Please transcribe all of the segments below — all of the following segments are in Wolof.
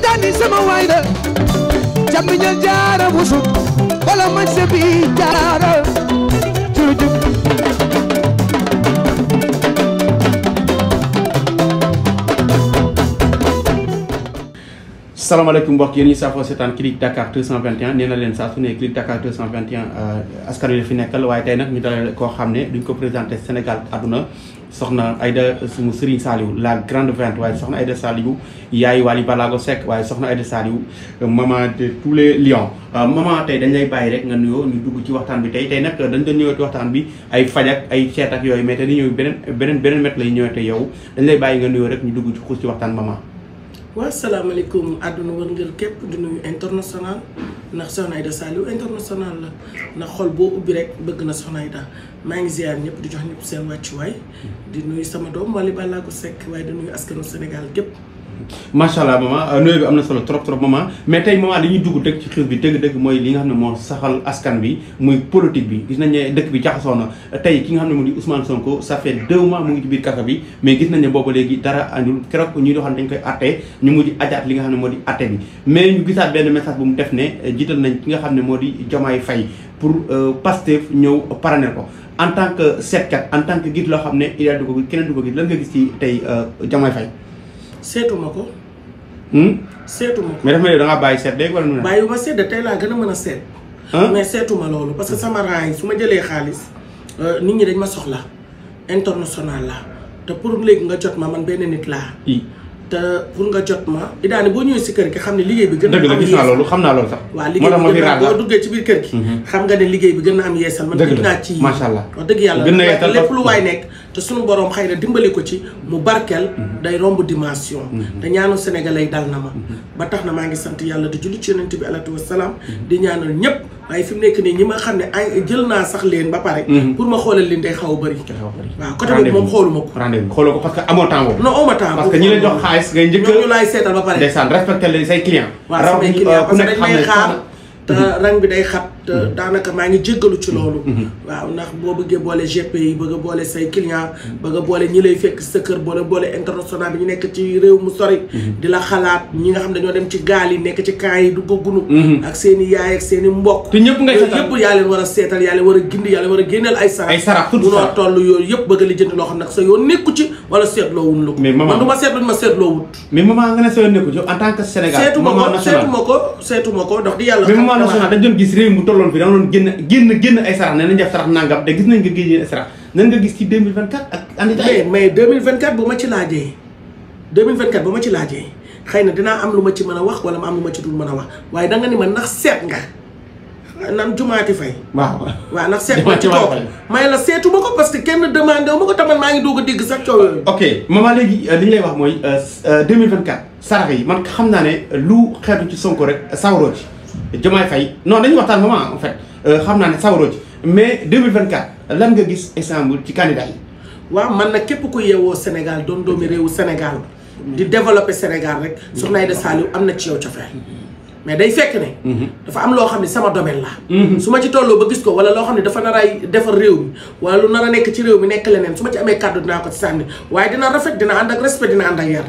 dani sama waay da jamiñal jaara busuk wala ma sebi jaara jurujub salaamaaleykum mbokk yéen ñi saafoo seetaan Click Dakar 221 nee na leen saa su ne Dakar 221 euh, askan fi nekkal waaye tey nag ñu dalal koo xam ne duñ ko présenté Sénégal àdduna soxna Aida suñu Serigne Saliou la grande vente waaye soxna Aida Saliou yaay Wally Ballago Seck waaye soxna Aida Saliou maman de tous les lions euh, maman tey dañ lay bàyyi rek nga nuyoo ñu dugg ci waxtaan bi tey tey nag dañ doon ñëwee ci waxtaan bi ay faj ay seet ak yooyu mais te ni ñëw beneen beneen beneen lay ñëwee te yow dañ lay bàyyi nga nuyoo rek ñu dugg ci xuus ci waxtaan maman waa salaamaaleykum àdduna war wërngël képp di nuyu international ndax Soxna Aida Saliou international la ndax xol boo ubbi rek bëgg na Soxna Aida maa ngi ziar ñëpp di jox ñëpp seen wàccuwaay di nuyu sama doom Wally Ballago Seck waaye di nuyu askanu Sénégal képp. macha allah maman euh, nuyoo bi am na solo trop trop maman mais tey maman li ñu dugg dëgg ci xiif bi dëgg-dëgg mooy li nga xam ne moo saxal askan bi muy politique bi gis nañ ne dëkk bi jaxasoo na tey ki nga xam ne mu di Ousmane Sonko ça fait deux mois mu ngi ci biir kaso bi mais gis nañ ne boobu léegi dara andul keroog ñuy doxal dañ koy atte ñu mujj ajaat li nga xam ne moo di atte bi mais ñu gisaat benn message bu mu def ne euh, jiital nañ ki nga xam ne moo di Diomaye Faye pour euh, Pastef ñëw parrainer ko en tant que seetkat en tant que git loo xam ne il a du ko keneen du ko gis tey Diomaye Faye seetuma ko. Hmm? seetuma ko mais dafa mel da ngaa bàyyi seet léegi wala nu bàyyiwuma seet de laa gën a mën a seet. mais seetuma loolu parce que sama rang yi su ma jëlee xaalis euh, nit ñi dañ ma soxla international la te pour léegi nga jot ma man benn nit laa. te pour nga jot ma. idaani boo ñëwee si kër gi xam ne liggéey bi. gën na am yeesal dëgg la gis naa loolu bi gën boo duggee ci biir kër gi. Mhm. gën na am yeesal. man gën naa ci allah wax dëgg yàlla lépp lu waay nekk te sunu borom xëy na dimbali ko ci mu barkeel mhm. day romb dimension mhm. te ñaanu sénégalais dal na ma mhm. ba tax na maa ngi sant yàlla di julli ci yonent bi alatu wasalaam di ma xam ne ay jël naa sax leen ba pare pour ma xoolal leen day xaw a bëri say client waaw samay client euh, parce que dañ may xaar te bi day xat te daanaka maa ngi jéggalu ci loolu mhm. waaw ndax boo bëggee boole GP yi bëgg a boole say client bëgg a boole ñi lay fekk sa kër boole boole international bi ñu nekk ci réew mu sori mhm. di la xalaat ñi nga xam dañoo dem ci gaal yi nekk ci camp yi du gunu mhm. ak seen i yaay ak seen i mbokk te ñëpp ngay yëpp yaa leen war a seetal yaa leen war a a a xam nag sa yoon nekku ci wala seetloowul lu man du ma seetlu ma seetloo wut mais ne sa yoon nekku ci en tant Sénégal seetuma ko seetuma ko dox loolu fi da nga doon génn génn génn ay sarax nee nañ def sarax nangam te gis nañ nga génn ay sarax nan nga gis ci 2024 ak. en détail mais mais bu ma ci laajee 2024 bu xëy na dinaa am lu ma ci mën a wax wala ma am lu ma ci dul mën a wax waaye da nga ni ma ndax seet nga nan jumaati fay. waaw waaw nax seet nga ci toog may la seetu ma ko parce que kenn demandé wu ma ko taman maa ngi doog a dégg sax coow yooyu. ok maman léegi euh, li ñu wax mooy 2024 euh, euh, sarax yi man xam naa ne lu xeetu ci Sonko rek sawroo ci. Diomaye Faye non ñu waxtaan moment en fait euh, xam naa ne sawaroo ci mais 2024 lan nga gis exemple ci candidat yi. waaw man na képp ku yeewoo Sénégal doon doomi réewu Sénégal di développer Sénégal rek Soxna Aïda Saliou am na ci yow cofeel mais day fekk ne mhm. dafa am loo xam ne sama domaine la mhm. su ma ci tolloo ba gis ko wala loo xam ne dafa nar defar réew mi wala lu nar a nekk ci réew mi nekk leneen su ma ci amee kàddu dinaa ko ci sànni waaye dina rafet dina ànd ak respect dina ànd ak yar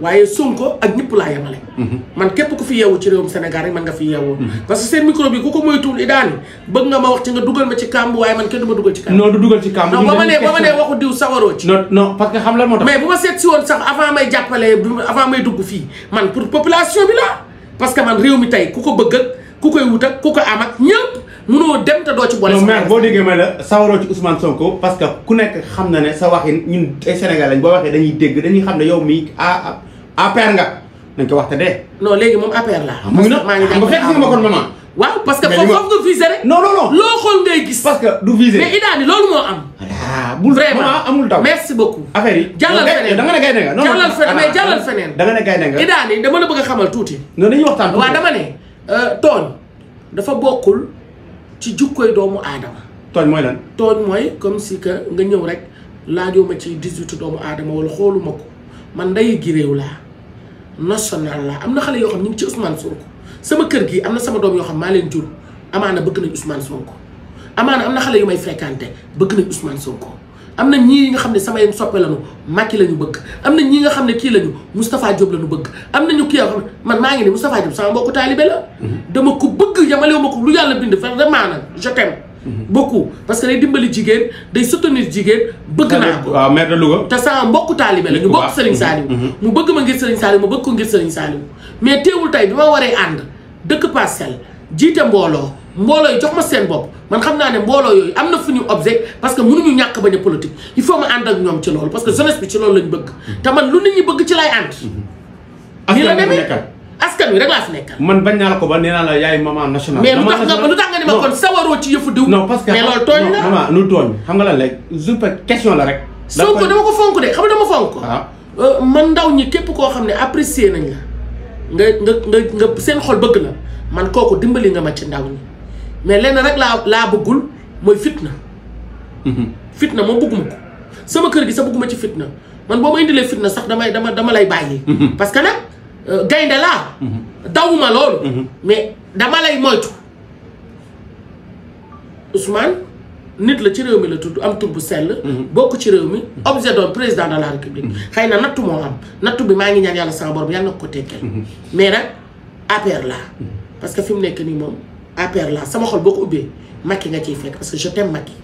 waaye Sonko ak ñëpp laa yemale mhm. man képp ku fi yeewu ci réewum Sénégal rek man nga fi yeewoo mhm. parce que seen micro bi ku ko moytuwul idaani bëgg nga ma wax ci nga dugal ma ci kàmb waaye man kenn du ma dugal ci kàmb non du dugal ci kàmb non ba ma nee ba ma nee waxu diw sawaroo parce que man pour population bi la parce que man réew mi ku ko bëgg ak ku koy wut ak ku ko am ak dem te doo ci boole. non mais boo ma la sawaroo ci Ousmane parce que ku nekk xam na ne sa waxin ñun ay Sénégal lañ boo waxee dañuy dégg dañuy xam ne yow mii ah APR nga nañ ko wax te dee. non léegi moom APR laa. Ah, mu ngi nag maa ngi dem ah, ba fekk si ma kon maman. waaw parce que foofu foofu du visé rek. non non non loo xool ngay gis. parce que du visé mais Ida ni loolu moo am. Ah, bul vraiment amul taw merci beaucoup. affaire yi jàllal feneen da nga ne gaynde nga. non jàllal feneen mais jàllal feneen. da nga ne gaynde nga Ida ni dama la bëgg a xamal tuuti. non dañuy waxtaan tuuti waaw dama ne. Euh, tooñ dafa bokkul ci jukkoy doomu aadama. tooñ mooy lan. tooñ mooy comme si que nga ñëw rek laajoo ma ci 18 doomu aadama wala xooluma ko man ndeyu gi réew laa national la am na xale yoo xam ñu ngi ci Ousmane Sonko sama kër gi am na sama doom yoo xam maa leen jur amaana bëgg nañ Ousmane Sonko amaana am na xale yu may fréquenté bëgg nañ Ousmane Sonko am na ñii nga xam ne sama yem soppe lañu Macky lañu bëgg am na ñi nga xam ne kii lañu Moustapha Diop lañu bëgg am na ñu kii yoo xam ne man maa ngi ne Moustapha Diop sama mbokku taalibe la mhm. dama ko bëgg yamalewu ma ko lu yàlla bind fa nag je t'aime Mhm. beaucoup parce que day dimbali jigéen day soutenir jigéen bëgg naa ko waaw te sa mbokku taalibe la ñu bokk Serigne mhm. Saliou mhm. mu bëgg ma ngir Serigne Saliou ma bëgg ko ngir Serigne Saliou mais teewul tey bi ma waree ànd dëkk parcelle jiite mbooloo mbooloo yi jox ma seen bopp man xam naa ne mbooloo yooyu am na fu ñu objet parce que mënuñu ñàkk bañ a politique il faut ma ànd ak ñoom ci loolu parce que jeunesse bi ci loolu lañ bëgg te man lu nit ñi bëgg ci lay ànd nii la demee askan wi rek laa fi nekkal. man bañ naa la ko ba nee naa la yaay maman national. mais lu tax nga lu tax nga ma kon sawaroo ci yëfu diw. non parce que mais nga nga ah. euh, ndaw ñi képp koo xam ne apprécier nañ nga nga nga nga seen xol bëgg la man kooku dimbali nga ma ci ndaw ñi mais lenn rek laa laa bëggul mooy fitna. Mhm. fitna moom bëgguma ko sama kër gi sa bëgguma ci fitna man boo ma indilee fitna sax damay dama dama lay bàyyi. Mhm. parce nag. Euh, gaynde laa mhm. dawuma loolu mhm. mais dama lay moytu Ousmane nit la ci réew mi la tudd am tur bu sell mhm. bokk ci réew mi objet doon président de la république xëy na nattu moo am nattu bi maa ngi ñaan yàlla sama borom yàlla na ko tekkee mais nag APR la parce que fi mu nekk nii moom APR laa sama xol boo ko ubbee ki nga ciy fekk parce que je t'aime Macky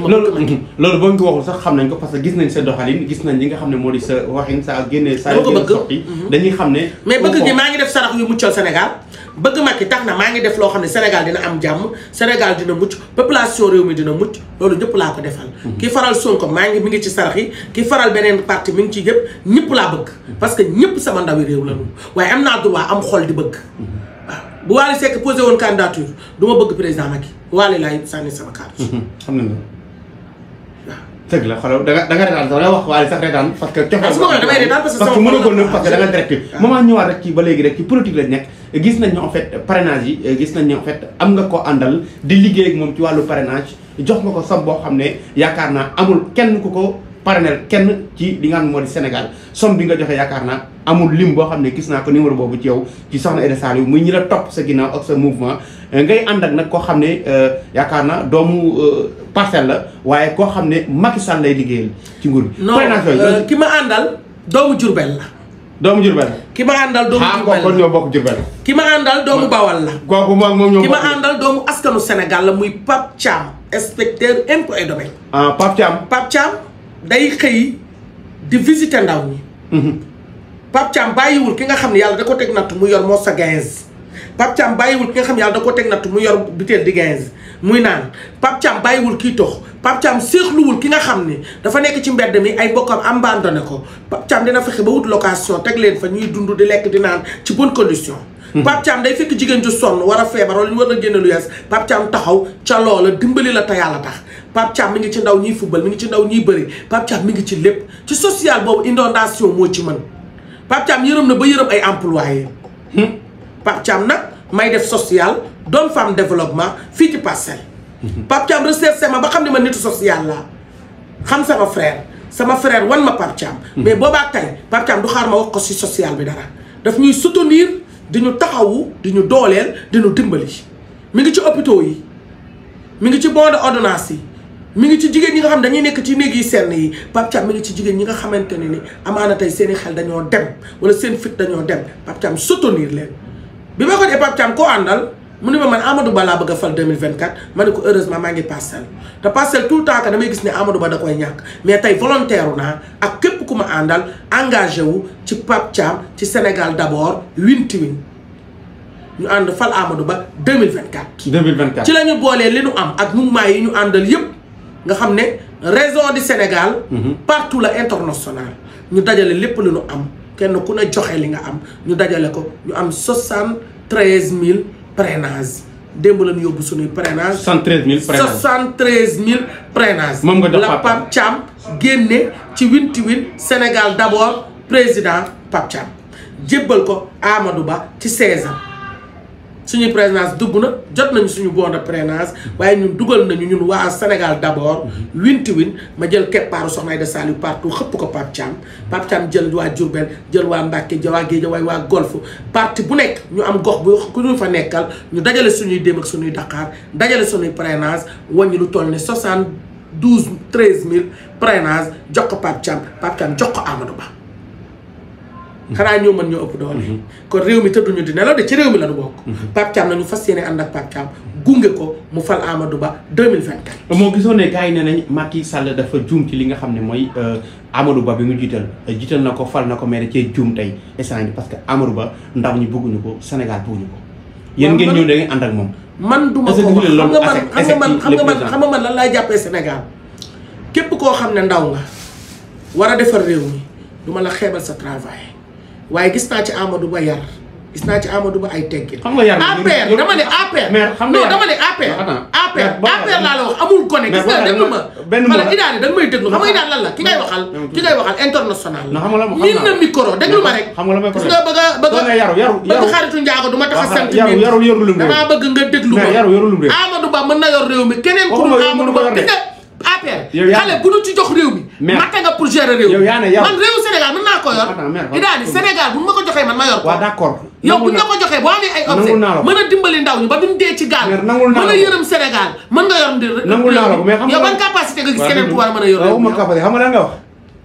loolu loolu boo ñu ko waxul sax xam nañ ko parce que gis nañ sa doxalin gis nañ li nga xam ne moo di sa waxin sa génne sa soxti mhm. dañuy xam ne mais bëgg gi maa ngi def sarax yu muccal Sénégal bëgg Macky tax na maa ngi def loo xam ne Sénégal dina am jàmm Sénégal dina mucc population réew mi dina mucc loolu ñëpp laa ko defal mhm. ki faral Sonko maa ngi mi ngi ci sarax yi ki faral beneen parti mi ngi ci yëpp ñëpp laa bëgg mhm. parce que ñëpp sama ndawi réew la waaye am naa droit am xol di bëgg bu Wally Seck posé woon candidature du ma bëgg président Macky Wally laay sànni sama carte xam na dëgg la xoolal da nga da nga retaan sax da wax waaye sax retaan parce que cox parce ko ah, nëb parce que da nga direct ñëwaat rek ci ba léegi rek ci politique lañ nekk gis nañ ne en fait gis nañ ne en am nga ko àndal di liggéey ak moom ci wàllu parrainage jox nga ko sam boo xam ne yaakaar naa amul kenn ku ko parrainel kenn ci li nga xam ne moo di Sénégal some bi nga joxe yaakaar naa amul lim boo xam ne gis naa ko numéro boobu ci yow ci soxna Aida Saliou muy ñi la topp sa ginnaaw ak sa mouvement euh, ngay ànd ak nag koo xam ne euh, yaakaar naa doomu euh, parcelle la waaye koo xam ne Macky Sall lay liggéeyal ci nguur bi. parrainage ki ma àndal doomu Jurbel la. doomu Jurbel ki ma àndal doomu Jurbel ah, kon ki ma àndal doomu Bawal la. kooku moom moom ñoo bokk ki ma àndal doomu askanu Sénégal la muy Pape Thiam inspecteur impôt et domaine. Ah, day xëy di visiter ndaw ñi. Mhm. Pape Thiam bàyyiwul ki nga xam ne yàlla da ko teg natt mu yor moo sa gains Pape Thiam bàyyiwul ki nga xam ne yàlla da ko teg natt mu yor butéel di gains muy naan Pape Thiam bàyyiwul kii tox Pape Thiam séexluwul ki nga xam ni dafa nekk ci mbedd mi ay bokkam abandonné ko Pape Thiam dina fexe ba wut location teg leen fa ñuy dund di lekk di naan ci bonne condition. Pape Thiam day fekk jigéen ju sonn war a feebar wala ñu war a génne lu yees Pape taxaw ca loola dimbali la te yàlla tax Pape mi ngi ci ndaw ñiy football mu ngi ci ndaw ñiy bëri Pape Thiam mi ngi ci lépp ci social boobu inondation moo ci man Pape Thiam yërëm na ba yërëm ay employé hmm? Pape Thiam nag may def social doon femme développement fii ci parcelle hmm. Pape Thiam recherché ma ba xam ne ma nitu social laa xam sama frère sama frère wan ma Pape Thiam hmm. mais boobaa tey Pape Thiam du xaar ma wax ko si social bi dara di ñu taxawu di ñu dooleel di ñu dimbali mi ngi ci hôpitaux yi mi ngi ci bon de ordonnance yi mi ngi ci jigéen ñi nga xam dañuy nekk ci néeg yi senn yi Pape Thiam mi ngi ci jigéen ñi nga xamante ne ni amaana tey seen i xel dañoo dem wala seen fit dañoo dem Pape Thiam soutenir leen bi ma ko dee Pape koo àndal mu ne ma man amadu Ba laa bëgg fal 2024 ma ne ko heureusement maa ngi parcelle te parcelle tout le temps que damay gis ne Amadou Ba da koy ñàkk mais tey volontaire naa ak képp ku ma àndal engagé wu ci Pape ci Sénégal d'abord win to win ñu ànd fal Amadou Ba 2024. 2024 ci la ñu boolee li ñu am ak mouvement yi ñu àndal yëpp nga xam ne raison de Sénégal. Mhm. partout la international ñu dajale lépp li ñu am kenn ku ne joxe li nga am ñu dajale ko ñu am 73000. parrainage démb la ñu yóbbu suñuy parrainage. 73000 parrainage 73000 parrainage. moom nga la Pape Thiam génne ci wintiwin Sénégal d'abord président Pape Thiam jébbal ko Amadou Ba ci 16 suñu présidence dugg na jot nañu suñu bon de présidence waaye ñun dugal nañu ñun waa Sénégal d'abord winti win ma jël keppaaru Soxna Aïda Saliou partout xëpp ko Pape Thiam Pape Thiam jël waa Diourbel jël waa Mbacké ja waa Guédiawaye waa Golf parti bu nekk ñu am gox bu ku ñu fa nekkal ñu dajale suñuy dém ak suñuy daqaar dajale suñuy présidence wàññi lu toll ne soixante douze treize mille présidence jox ko Pape Thiam jox ko Amadou Ba xanaa ñoo mën ñoo ëpp doole. Mhm. kon réew mi tëdduñu di nelaw de ci réew mi la ñu bokk. Mhm. Pape Thiam ñu fas yéene ànd ak Pape Thiam gunge ko mu fal Amadou Ba 2024. moo gisoon ne gars yi ne nañ Macky Sall dafa juum li nga xam ne mooy euh, Amadou Ba bi mu jiital euh, jiital na ko fal na ko mais da cee tey instant parce que Amadou Ba ndaw ñi bëgguñu ko Sénégal bëgguñu ko. yéen ngeen ñëw da ngeen ànd ak moom. man du ma ko wax xam nga man xam nga man xam nga man lan laay jàppee senegal képp koo xam ne ndaw nga war a defar réew mi du ma la xeebal sa travail waaye gis naa ci Amadou Ba yar gis naa ci Amadou Ba ay teggin. xam nga yar APR dama ne APR. mais xam nga dama ne APR. APR APR laa la wax amul gone. gis nga déglu ma benn mën a Idaale da nga may na micro ma rek. xam nga la may problème a bëgg a. yaru yaru bëgg a ah, sant. yaru yaru yarulum réew damaa Ba mën na yor réew mi keneen ku dul Amadou Ba APR. yow yaa xale bu ñu ci jox réew mi. mère matte nga pour gérer réew mi. yow yaa ne yow man réewu Sénégal mën naa ko yor. idaali Sénégal bu ma ko joxee man ma yor ko. waaw d' accord yow bu ñu ko joxee boo amee ay objet mën a dimbali ndaw ñu ba duñ dee ci gaal. mën a yërëm Sénégal mën nga yor ndir. nangul naa la ko mais xam nga yow ban capacité nga gis keneen ku war a mën a yor. waaw ma capacité xam nga lan nga wax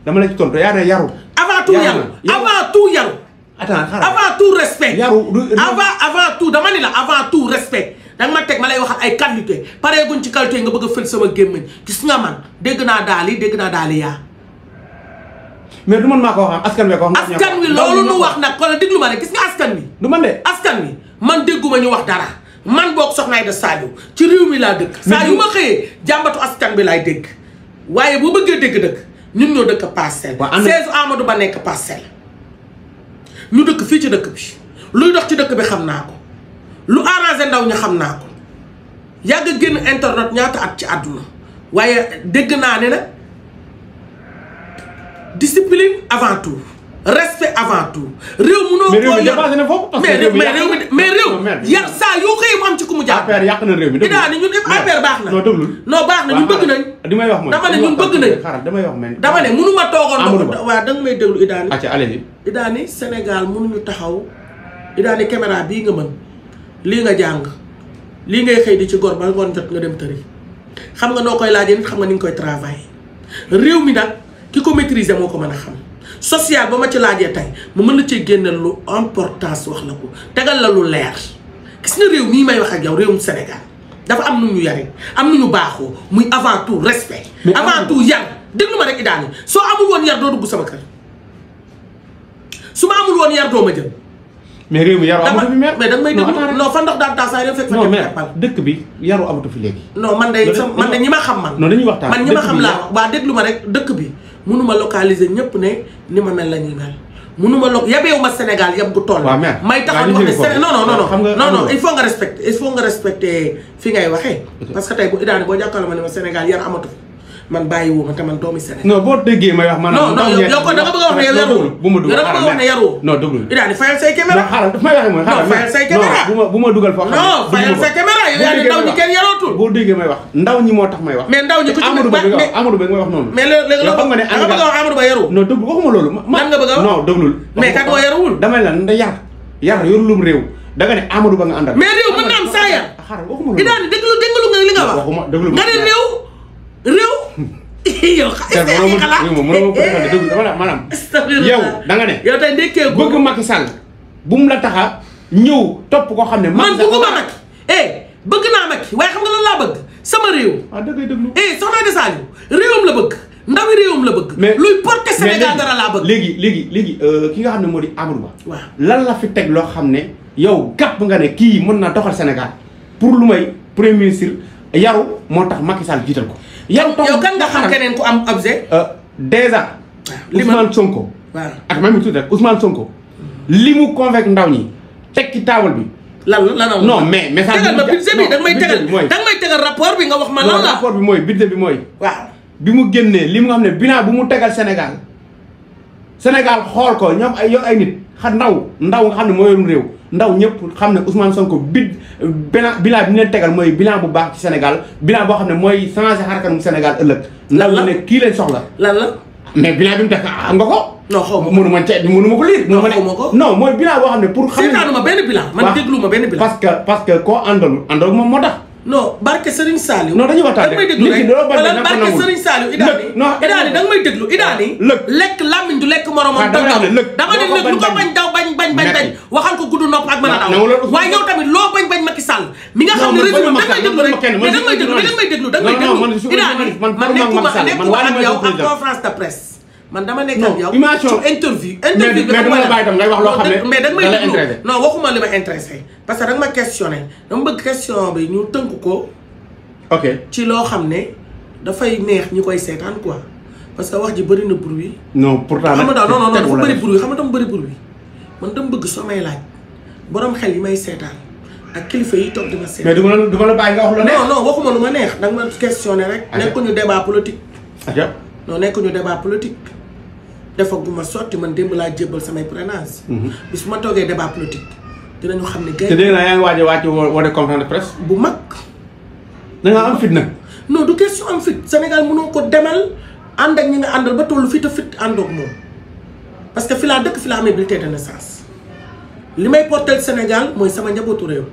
dama la ci tontu yaa ne yaru. avant tout yaru avant tout yaru. attends avant tout respect. yaru avant avant tout dama ni la avant tout respect danga ma teg ma lay waxal ay qualité pareeguñ ci qualité nga bëgg a fël sama gémmañ gis nga man dégg naa daal yi dégg naa daal yaa. mais du man maa ko waxoon ah, askan wi ko wax. askan wi loolu nu wax nag kon déglu ma rek gis askan wi. du man de askan wi man dégguma ñu wax dara man boog soxna Aida Sadio ci réew mi laa dëkk. saa yu ma xëyee jàmbatu askan bi laay dégg waaye boo bëggee dégg dëkk ñun ñoo dëkk parcelle. waaw ànd Amadou Ba nekk parcelle. ñu dëkk fii ci dëkk bi luy dox ci dëkk bi xam naa ko lu arrangé ndaw ñi xam naa ko yàgg génn internet ñaata at ci àdduna waaye dégg naa ne na discipline avant tout respect avant tout réew munoo. mais réew mi dépassé na foofu mais réew yar saa yoo xëy mu am ci ku mu jaar. APR yàq na réew mi déglu naa ne ñun APR baax na. non déglu non baax na ñun bëgg nañ. li may wax dama ne ñun bëgg nañ. xaaral damay wax man dama ne munu ma toogoon. waaw danga may déglu Idaani. acca allez Idaani Sénégal munuñu taxaw Idaani caméra bii nga mën. lii nga jàng lii ngay xëy di ci gor ba ngoon jot nga dem tëri xam nga noo koy laajee nit xam nga ni nga koy travail réew mi nag ki ko maîtriser moo ko mën a xam social ba ma ci laajee tey ma mën la cee génneel lu importance wax la ko tegal la lu leer gis na réew mii may wax ak yow réewum Sénégal dafa am nu ñu yare am nu ñu baaxoo muy avant tout respect avant tout yar déglu ma rek i daani soo amul woon yar doo dugg sama kër su ma amul woon yar doo ma jël mais réew mi yaru amatu fi meer mais danga may déglu non fa ndox daan taa saa yow fekk fa non mais dëkk bi yaru amatu fi léegi non man de man de ñi ma xam man non dañuy waxtaan man ñi ma xam laa waa déglu ma rek dëkk bi mënuma localiser ñëpp ne ni ma mel la ñuy mel mënuma lo yabeewu ma Sénégal yab bu toll may taxaw di wax ne Sénégal non non non non non il faut nga respecter il faut nga respecter fi ngay waxee parce que tey bu idaane boo jàkkaarloo ma ne ma Sénégal yar amatu fi man bàyyi wu ma te man doomi Sénégal. non boo déggee may wax maanaam. non non yow kon da nga bëgg a wax ne yow yaroo bu ma dugal xaaral wax ne yaroo. non déglu daa di fayal say caméra. xaaral daf may wax mooy. xaaral fayal say caméra non bu ma bu ma dugal foo xam non fayal say caméra yow yaa ne ndaw ñi kenn yarootul. boo déggee may wax ndaw ñi moo tax may wax. mais ndaw ñi ku ci Amadou Ba Amadou Ba nga wax noonu. mais léegi loo xam nga ne da nga bëgg a wax Amadou Ba yaroo. non déglu waxuma loolu. nan nga bëgg a wax non déglul. mais kat boo yaruwul. damay la nda yar yar yorulum réew da nga ne Amadou Ba nga àndal. mais réew mën na am saa yar. xaaral waxuma loolu. idaani déglu déglu nga li nga wax. waxuma déglu nga ne réew réew. yow xaalis yow mënoo ma maanaam. yow da nga ne. yow tey bëgg Macky Sall bu mu la taxa ñëw topp koo xam ne. man bëgguma Macky eh bëgg naa Macky waaye xam nga lan laa bëgg sama réew. ah dëgg dëgg eh soxna de Saliou réewam la bëgg ndawi réewam la bëgg. mais luy porter Sénégal dara laa bëgg. léegi léegi léegi euh, ki nga xam ne moo di Amadou Ba. waaw la fi teg loo xam ne yow gàpp nga ne kii mën naa doxal Sénégal pour lu may premier ministre. yaru moo tax Macky Sall jiital ko. yaru toog yow kan nga xam keneen ku am objet. Euh, déjà. li ma Ousmane Sonko. waaw ak même tuuti rek Ousmane Sonko. li mu convaincre ndaw ñi teg ci taabal bi. lan la lan non mais message bi ma budget bi da may tegal da nga may tegal rapport bi nga wax ma lan la rapport bi bi mooy. waaw bi mu génnee li mu nga xam ne bilan bu mu tegal Sénégal Sénégal xool ko ñoom ay yow ay nit xa ndaw ndaw nga xam ne moo réew. ndaw ñëpp xam ne Ousmane Sonko bid bilan bilan bi ñu leen tegal mooy bilan bu baax ci Sénégal bilan boo xam ne mooy changé xarkanam Sénégal ëllëg. ndaw ñu ne kii lañ soxla. lan la mais bilan bi mu def am ah, nga ko. non xaw ma ko mënu ma cee mënu ma ko lire. non mooy bilan boo xam ne pour. xam ne seetaanu ma benn bilan. man déglu ma benn bilan. parce que parce que koo àndoon àndoon moom moo tax. non barke Serigne Saliou. non dañu waxtaan rek li ci doo bëri na ko nangu barke Serigne Saliou. lëkk non Idaly Idaly da nga may déglu Idaly. lëkk lekk làmmiñ du lekk moromam. dama ne lëkk dama ne lëkk lu ko bañ daw bañ bañ bañ bañ. waxal ko gudd nopp ak mën a daw. waaye yow tamit loo bañ bañ Macky Sall. mi nga xam ne réseau bi da nga may déglu rek mais da nga may déglu da nga may déglu da nga may déglu. Idaly man nekkuma nekkuma ak yow ak conférence de presse. man dama nekk ak yow ci interview interview bi dama la bàyyi loo xam ne mais may déglu non waxuma ma intéressé parce que danga ma dama bëgg question bi ñu tënk ko ok ci loo xam ne dafay neex ñu koy seetaan quoi parce que wax ji bëri na bruit non pourtant xam nga daal non non dafa bëri bruit xam nga tam bëri bruit man dama bëgg may laaj borom xel yi may seetaan ak kilifa yi toog di ma seetaan mais du nga wax lu neex non non waxuma lu ma neex danga ma questionné rek nekkuñu débat politique non nekkuñu débat politique ma sotti man démb laa jébbal samay parrainage. Mhm. bis bu ma toogee débat dina dinañu xam ne. te dégg naa yaa ngi waaj a waaj wane conférence de bu mag. da fit nag. non du question am fit Sénégal mënoo ko demal ànd ak ñi nga àndal ba tollu fit a fit àndoog moom parce que fi laa dëkk fi laa amee bulletin de naissance li may portel Sénégal mooy sama njabootu réew.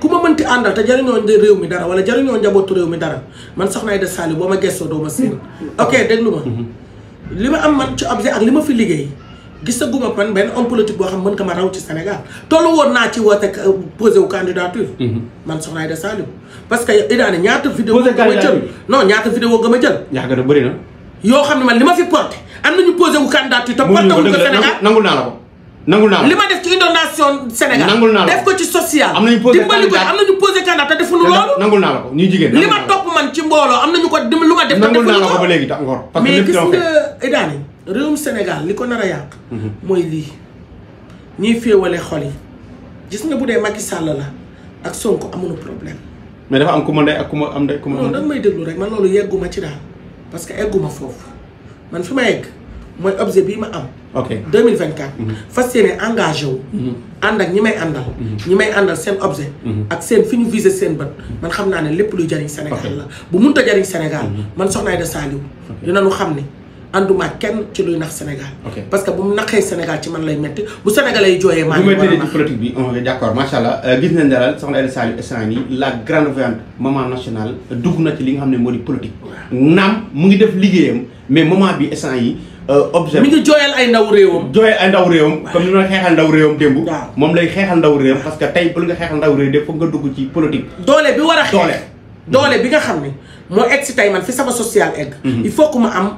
ku ma mënti àndal te jariñoo réew mi dara wala jariñoo njabootu réew mi dara man soxna Aïda Saliou boo ma gëstoo doo ma siin mhm. ok li ma am man ci objet ak li ma fi liggéey gis gisaguma man benn homme politique boo xam mën ka ma raw ci Sénégal tollu woon naa ci woote euh, posé u candidature. Mhm. man Soxna Aïda Saliou parce que Idaane ñaata vidéo nga ma jël non ñaata vidéo nga ma jël. yaakaar naa bëri na. yoo xam ne man li ma fi porté am nañu posé wu candidature te porté wu ko Sénégal la ko. nangul naa li ma def ci inondation Sénégal. nangul naa la def ko ci social. am nañu posé candidat dimbali ko am nañu posé candidat te defuñu loolu. nangul naa la ko ñuy jigéen li ma topp man ci mbooloo am nañu ko dim lu ma def. te defuñu ko nangul naa la ko ba léegi te encore. parce que lépp mais gis nga Idaani réewum Sénégal li ko nar a yàq. Mhm. mooy lii ñuy féewale xol yi gis nga bu dee Macky Sall la ak Sonko amuñu problème. mais dafa am ku ma ndey ak ku ma am ndey ku ma. non danga may déglu rek man loolu yegguma ci daal parce que egguma foofu man fi ma yegg mooy objet bii ma am. ok 2024. Mhm. fas yéene engagé wu. Mhm. ànd ak ñi may àndal. Mhm. ñi may àndal seen objet. ak seen fi ñu visé seen bët. man xam naa ne lépp luy jariñ Sénégal la bu munta jariñ Sénégal. man soxna Aïda Saliou. dina ñu xam ne ànduma kenn ci luy nax Sénégal. parce que bu mu naqee Sénégal ci man lay metti bu Sénégalais yi jooyee. maa ngi war a nax bi on est d' accord macha allah euh, gis nañ daal soxna Aïda Saliou instant la grande voyante maman nationale dugg na ci li nga xam ne moo di politique. naam mu ngi def liggéeyam mais moment bi instant yi Euh, objet mi ngi jooyal ay ndaw réewam jooyal ay ndaw réewam comme ni ma xeexal ndaw réewam démb moom lay xeexal ndaw réewam parce que tey bu nga xeexal ndaw réew def foog nga dugg ci politique doole bi war a xeex doole bi nga xam ne moo egg si tey man fi sama social egg mhm. il faut que ma am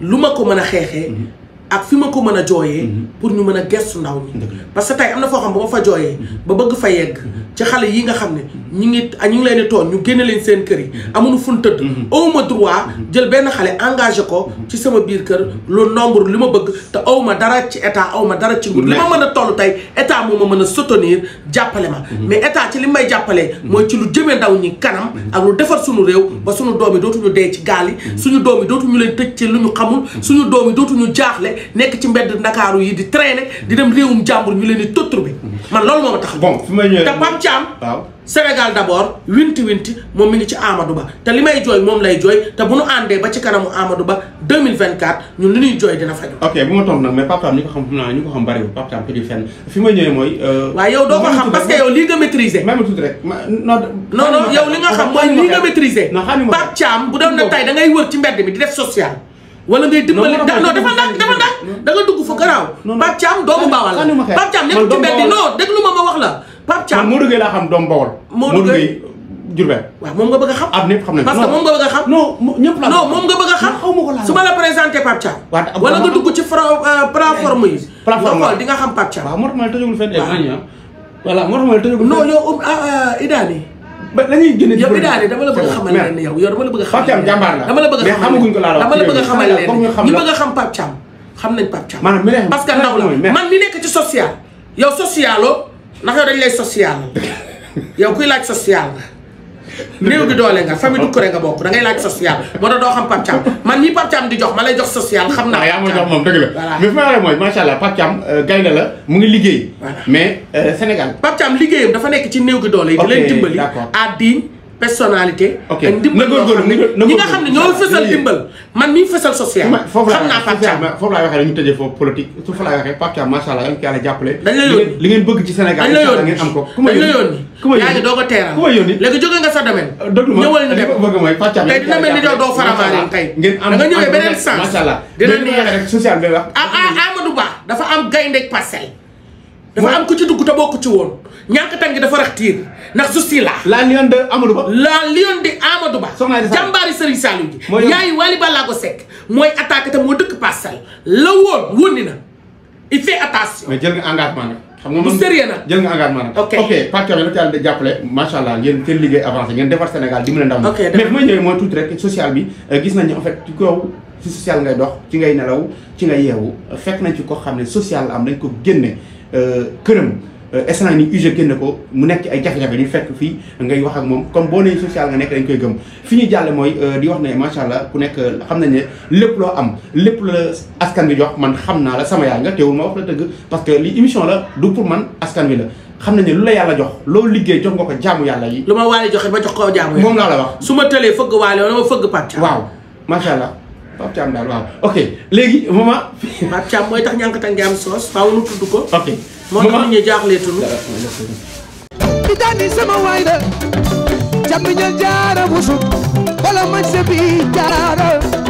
lu ma ko mën a xeexee mhm. ak fi ma ko mën a jooyee mhm. pour ñu mën a gestu ndaw mi parce que tey am na foo xam ba ma fa jooyee ba bëgg fa yegg ci xale yi nga xam ne Ah, ñu ngi a ñu leen di ñu génne leen seen kër yi mm-hmm. amuñu fun tëdd mm-hmm. awma droit mm-hmm. jël benn xale engagé ko ci sama biir kër lu nombre li ma bëgg te awma dara ci état awma dara ci nguur li ma mën a toll tey état moom ma mën a soutenir jàppale ma mais état ci li may jàppale mooy ci lu jëmee ndaw ñi kanam ak lu defar suñu réew ba sunu doom yi dootuñu dee ci gaal suñu doom yi dootuñu leen tëj ci lu ñu xamul suñu doom yi dootuñu jaaxle nekk ci mbedd ndakaaru yi di traîner di dem réewum jàmbur ñu leen di tottur bi loolu moo tax bon fi may ñëwee te Pape Thiam waaw Sénégal d'abord winti winti moom mi ngi ci Amadou Ba te li may jooy moom lay jooy te bu nu àndee ba ci kanamu Amadou Ba 2024 ñun li ñuy jooy dina faju ñu ko xam bëriwul Pape Thiam ko di mooy. Euh, waaw yow doo ko xam parce que yow lii nga maîtriser. même tuuti rek ma bu doon na tey da ngay wër ci mbedd mi di def social. wala ngay dimbali non dafa ndànk dafa ndànk da dugg fa garaaw. Pape Thiam doomu baawal la Pape Thiam nekk ci mbedd non déglu ma ma wax la Pape Thiam man Modou Gueye laa xam doomu Bawol. Modou Gueye Diourbel waaw moom nga bëgg a xam. ah ñëpp xam nañu parce que moom nga bëgg a xam. non ñëpp la non moom nga bëgg a xam. xaw ma ko laa su ma la présenté Pape Thiam. wala nga dugg ci plateforme yi. plateforme nga xool di nga xam Pape Thiam. waaw moo tax ma la tëjagul fenn voilà moo tax ma la tëjagul non yow Idaali. ba la ñuy génne yow Idaali dama la bëgg a xamal leen yow yow dama la bëgg a xamal. Pape Thiam jàmbaar la dama la bëgg a xamal mais xamaguñ ko laa la wax. dama la bëgg a xamal leen ñi bëgg a xam Pape Thiam xam nañ Pape Thiam. maanaam mi parce que ndaw la man mi nekk ci social yow socialo ndax yow dañ lay social yow kuy laaj social nga néew di doole nga famille Doucouré nga bokk da ngay laaj social moo tax doo xam Pape man ñi Pape di jox ma lay jox social xam naa ah, yaa ma jox moom dëgg la mais fi ma waxee mooy macha allah Pape Thiam euh, gaynde la mu ngi liggéey mais euh, senegal Pape liggéeyam dafa nekk ci néew gi doole yi di leen dimbali à diin personnalité. ok nga xam ne ñoo fësal dimbal man mi fësal social. foofu laa foofu laa waxee dañu tëjee foofu politique foofu laa waxee Pape Thiam macha allah yéen ki yàlla jàppale. dañ la yónni li ngeen bëgg ci Sénégal incha allah ngeen a teeral. ku ma uh, ñu dem bëgg mooy Pape Thiam. tey dina mel ni yow doo faramaareen tey. ngeen am nga ñëwee dafa am gaynde parcelle dafa am ko ci dugg te bokk ci woon. ñàkk tànk dafa rax tiir ndax je suis là. la lion de Amadou Ba. la lion de Amadou Ba. soxna Aida Saliou jàmbaari Serigne Saliou ji. mooy yaayi Wally mooy attaque te moo dëkk Parcelles. la woon wóni na il fait attention. mais jël nga engagement nag. xam nga na jël nga engagement nag. ok ok yi la ci yàlla di jàppale macha allah yéen seen liggéey avancé ngeen defar Sénégal dimbali ndaw. ok mais bu ma ñëwee mooy tuuti rek social bi euh, gis nañu en fait ci kaw. ci social ngay dox ci ngay nelaw ci ngay nañ ci ko xam ne social am dañ ko génne Euh, këram euh, essanaan ni UG génn ko mu nekk ay jafe-jafe ñu fekk fii ngay wax ak moom comme boo nee social nga nekk dañ koy gëm fi ñu jàlle mooy euh, di wax ne macha allah ku nekk xam na ne lépp loo am lépp la askan bi jox man xam naa la sama yaay nga teewul ma wax la dëgg parce que li émission la du pour man askan wi la xam na ne lu la yàlla jox loo liggéey jox nga ko jàmm yàlla yi. lu ma waale joxe ba jox ko jaamu yàlla moom laa la wax. su ma tëlee fëgg waale wala ma fëgg waaw macha allah. Pape Thiam ok léegi maman. Pape Thiam mooy tax ñànkata ngi am soos faaw nu tudd ko. ok moo tax ñu jaaxlee tunu. di daani sama waay la. jàmm ñal jaara busut wala man sa bi jaara.